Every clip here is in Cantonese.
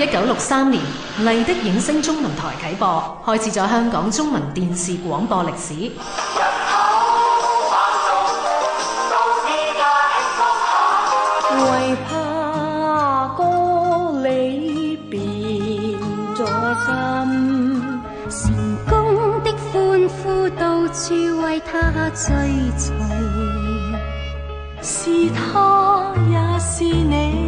一九六三年，麗的影聲中文台啟播，開始咗香港中文電視廣播歷史。為怕歌裏變作心，成功的歡呼到處為他追齊，是他也是你。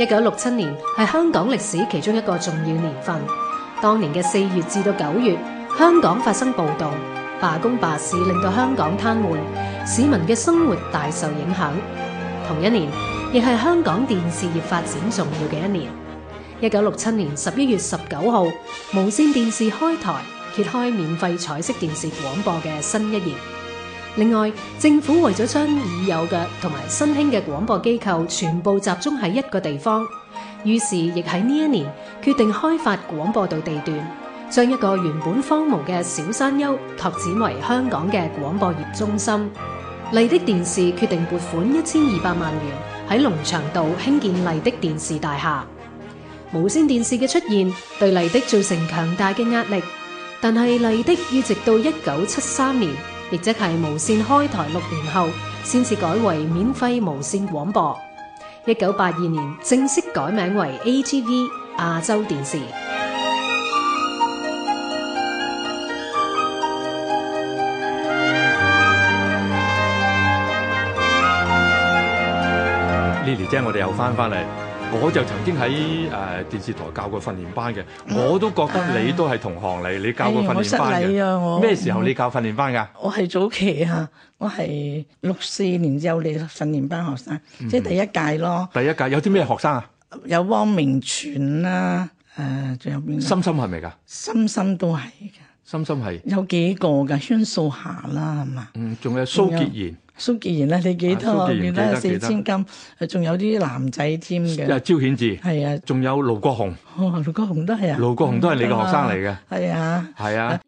一九六七年係香港歷史其中一個重要年份。當年嘅四月至到九月，香港發生暴動、罷工、罷市，令到香港癱瘓，市民嘅生活大受影響。同一年，亦係香港電視業發展重要嘅一年。一九六七年十一月十九號，無線電視開台，揭開免費彩色電視廣播嘅新一頁。另外，政府為咗將已有嘅同埋新興嘅廣播機構全部集中喺一個地方，於是亦喺呢一年決定開發廣播道地段，將一個原本荒蕪嘅小山丘拓展為香港嘅廣播業中心。麗的電視決定撥款一千二百萬元喺龍翔道興建麗的電視大廈。無綫電視嘅出現對麗的造成強大嘅壓力，但係麗的要直到一九七三年。亦即係無線開台六年後，先至改為免費無線廣播。一九八二年正式改名為 ATV 亞洲電視。Lily 姐，我哋又翻翻嚟。我就曾經喺誒電視台教過訓練班嘅、嗯，我都覺得你都係同行嚟、啊。你教過訓練班嘅咩、哎啊、時候？你教訓練班㗎、嗯？我係早期啊，我係六四年之後你訓練班學生，嗯、即係第一屆咯。第一屆有啲咩學生啊？有汪明荃啦、啊，最、啊、仲有邊？森森係咪㗎？森森都係嘅。深深係有幾個嘅，宣素霞啦係嘛，嗯，仲有蘇潔賢，蘇潔賢咧，你幾多、啊、我記得四千金，誒，仲有啲男仔添嘅，誒，招顯志係啊，仲有盧國雄，盧國雄都係啊，盧國雄、哦啊、都係你嘅學生嚟嘅，係啊，係啊。